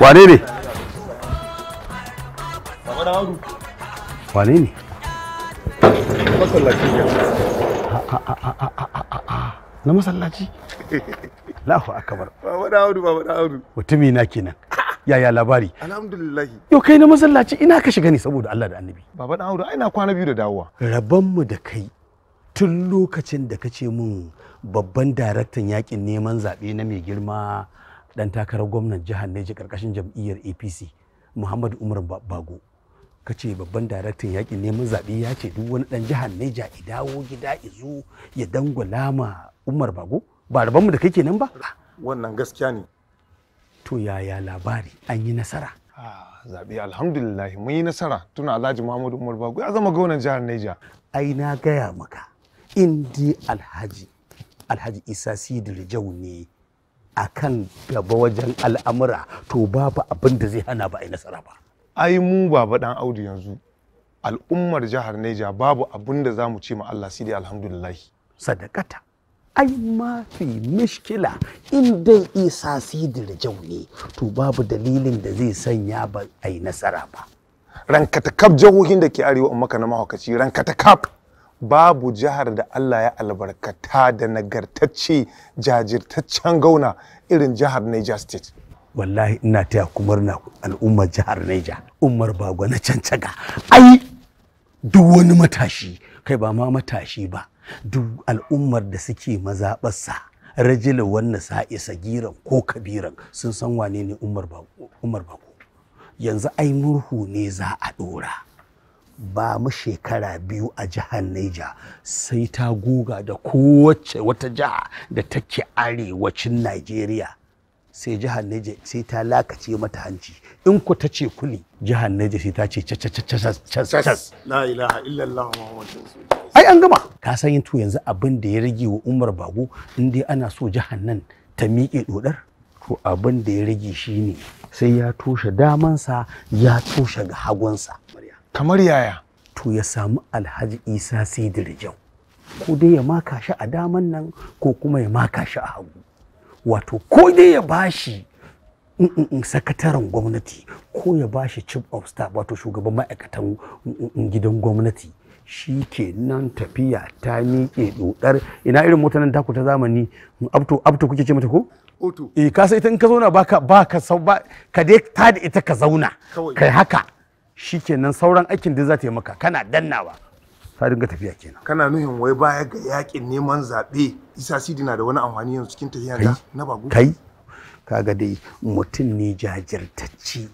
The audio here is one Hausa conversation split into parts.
wane ne wane ne na masallaci lahu akabar baba da audu baba da audu mutumi na kenan yaya labari alhamdulillah yau kai na masallaci ina ka shiga ne saboda Allah da annabi baba da audu ai na kwana biyu da dawowa rabban da kai tun lokacin da ka ce mun babban daraktan yakin neman zaɓe na mai girma ɗan takarar gwamnan jihar Neji ƙarƙashin jam'iyyar APC Muhammadu Umar Bago ka ce babban daraktan yakin neman zaɓe ya ce duk wani ɗan jihar Neja ya dawo gida izo ya dangwala ma Umar Bago ba rabanmu da kake nan ba wannan gaskiya ne to yaya labari an yi nasara ah, zaɓe alhamdulillah mun yi nasara tuna Alhaji Muhammadu Umar Bago ya zama gwamnan jihar Neja ai na gaya maka Indi alhaji alhaji isa sidil jau ne a kan gaba wajen al'amura to babu abin da zai hana ba a yi nasara ba ai mu baba dan audu yanzu al'ummar jihar neja babu abin da za mu ce ma allah sidi dai alhamdulillah sadakata ai mafi mishkila in dai isa sidil jau ne to babu dalilin da zai sanya ba a yi nasara ba rankatakaf jihohin da ke arewa in na mahaukaci rankatakaf babu jihar da Allah ya albarkata da nagartacce jajirtaccen gauna irin jihar Niger State. Wallahi ina taya kumar na al'ummar jihar Niger, Umar Bago na cancaga. Ai, duk wani matashi, kai ba ma matashi ba, duk al'ummar da suke mazaɓarsa. Rajila wannan sa'isa, Giran ko kabiran sun san wane ne Umar Bago. Yanzu ai murhu ne za a ɗora. ba mu shekara biyu a jihar Neja sai ta guga da kowace wata jiha da take arewacin Najeriya sai jihar Neja sai ta lakace mata hanci in ku ta ce kuli jihar Neja sai ta ce cas la ilaha illallah muhammadin ai an gama ka san to yanzu abin da ya rage wa Umar Bago in dai ana so jihar nan ta miƙe dodar to abin da ya rage shine sai ya toshe damansa ya toshe ga hagunsa kamar yaya to ya samu alhaji isa sidirjau ko dai ya maka shi a daman nan ko kuma ya maka shi a hagu wato ko dai ya bashi mm, mm, mm, sakataren gwamnati ko ya bashi chief of staff wato shugaban ma'aikatan gidan gwamnati shi ke nan tafiya ta miƙe dodar ina irin mutanen taku ta zamani abto abto kuke ce mata ko eh ka sai ita in ka zauna baka baka ba ka dai ta da ita ka zauna kai haka shikenan sauran aikin da za ta yi maka kana dannawa ta dinga tafiya kenan kana nuhin wai baya ga yakin neman zaɓe isa sidi na da wani amfani yanzu cikin tafiya na na bagu kai kaga dai mutum ne jajirtacce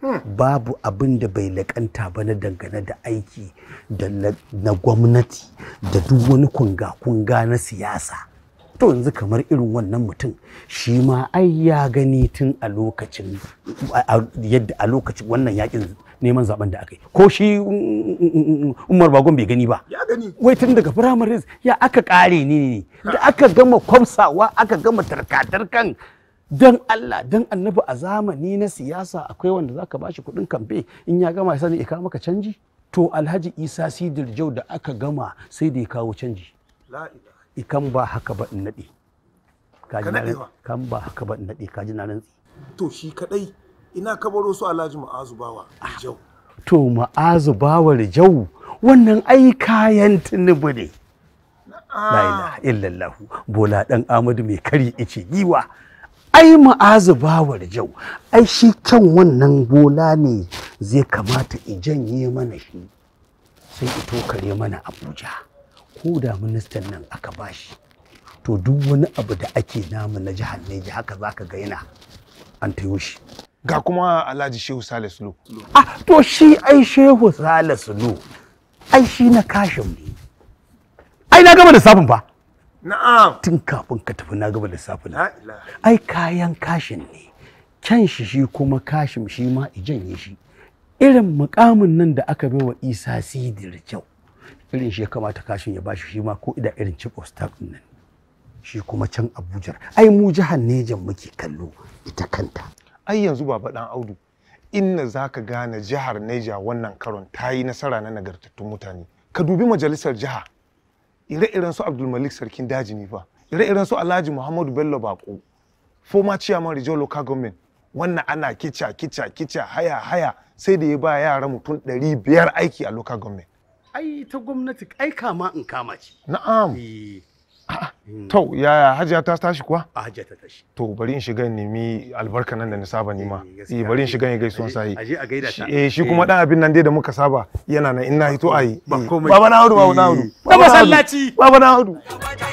hmm. babu abin da bai laƙanta ba na dangane da aiki da na gwamnati da duk wani kunga-kunga na siyasa to yanzu kamar irin wannan mutum shi ma ai ya gani tun a lokacin yadda a lokacin wannan yakin neman zaben da aka yi ko shi mm, mm, mm, umar bagon bai gani ba ya gani wai tun daga firamare ya aka kare ni ne da aka gama kwamsawa aka gama tarkatarkan dan Allah dan annabi a zamani na siyasa akwai wanda zaka bashi kuɗin kamfe in ya gama sani ya maka canji to alhaji isa sidir jau da aka gama sai da ya kawo canji ikan ba haka ba in naɗe kan ba haka ba in naɗe kaji na nan. to shi kaɗai ina kabaro su alhaji ma'azu bawa rijau to ma'azu bawa rijau wannan ai kayan tinubu ne la ilaha illallah bola dan amadu mai kari ice giwa ai ma'azu bawa rijau ai shi kyan wannan bola ne zai kamata i janye mana shi sai ito kare mana abuja ko da ministan nan aka bashi to duk wani abu da ake namu na jihar Neja haka zaka ga yana an tayo ga kuma alhaji shehu sale sulu ah to shi ai shehu sale sulu ai shi na kashin ne ai na gama lissafin fa na'am tun kafin ka tafi na gama lissafin ai kayan kashin ne can shi shi kuma kashin shi ma i janye shi irin mukamin nan da aka bai wa isa sidir kyau irin shi ya kamata kashin ya bashi shi ma ko ida irin chief of staff nan shi kuma can abuja ai mu jihar nejan muke kallo ita kanta ai yanzu baba dan audu inna za ka gane jihar Neja wannan karon ta yi nasara na nagartattun mutane ka dubi majalisar jiha ire-iren su abdulmalik sarkin daji ne fa ire-iren su alhaji muhammadu bello bako former chairman regional local government wannan ana kica kica kica haya haya sai da ya ba yara mutum ɗari biyar aiki a local government ai ta gwamnati ai kama in kama ce na'am eh. Hmm. To yaya hajiya ta tashi kuwa? A hajiya ta tashi. To bari in shiga nemi albarka nan da na saba ma eh, eh bari in shiga in gaisuwan sahi. Aje a gaida ta. Eh shi kuma eh. dan abin nan dai da muka saba yana nan in na hito ayi. Eh. Baba na hudu baba na hudu. Da masallaci. Baba na hudu.